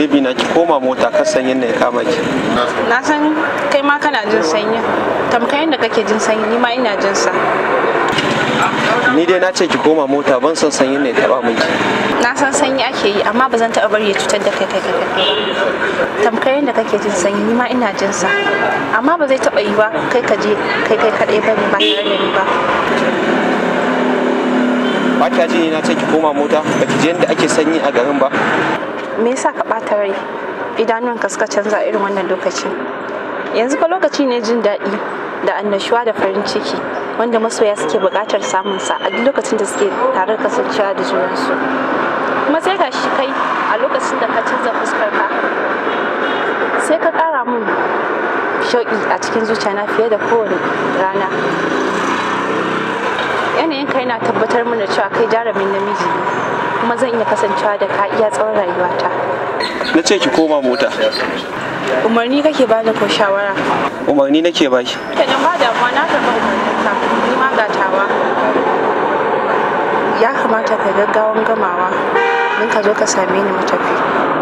bebi na ki koma mota ka sanyin ne ya kama ki na san kai ma kana jin sanyi tamkar yadda kake jin sanyi ni ma ina jin sa ni dai na ce ki koma mota ban san sanyin ne taba miki na san sanyi ake yi amma ba zan taba bari ya cutar da kai kai kai tamkar yadda kake jin sanyi ni ma ina jin sa amma ba zai taba yi ba kai ka je kai kai kadai ba ba tare da ni ba ba kya ji na ce ki koma mota ba ki je yadda ake sanyi a garin ba me yasa ka ɓata rai idanunka suka canza irin wannan lokaci yanzu fa lokaci ne jin daɗi da annashuwa da farin ciki wanda masoya suke buƙatar samun sa a duk lokacin da suke tare kasancewa da junansu kuma sai ka shi kai a lokacin da ka canza fuskar ka sai ka ƙara mun shauƙi a cikin zuciya na fiye da kowane rana kai yana tabbatar mana cewa kai jarumin namiji ne kuma zan iya kasancewa da ka iya tsawon rayuwata na ce ki koma mota umarni kake bani ko shawara umarni nake baki kenan ba damuwa na karɓa umarninka ni ma gatawa ya kamata ka gaggawan gamawa don ka zo ka same ni matafi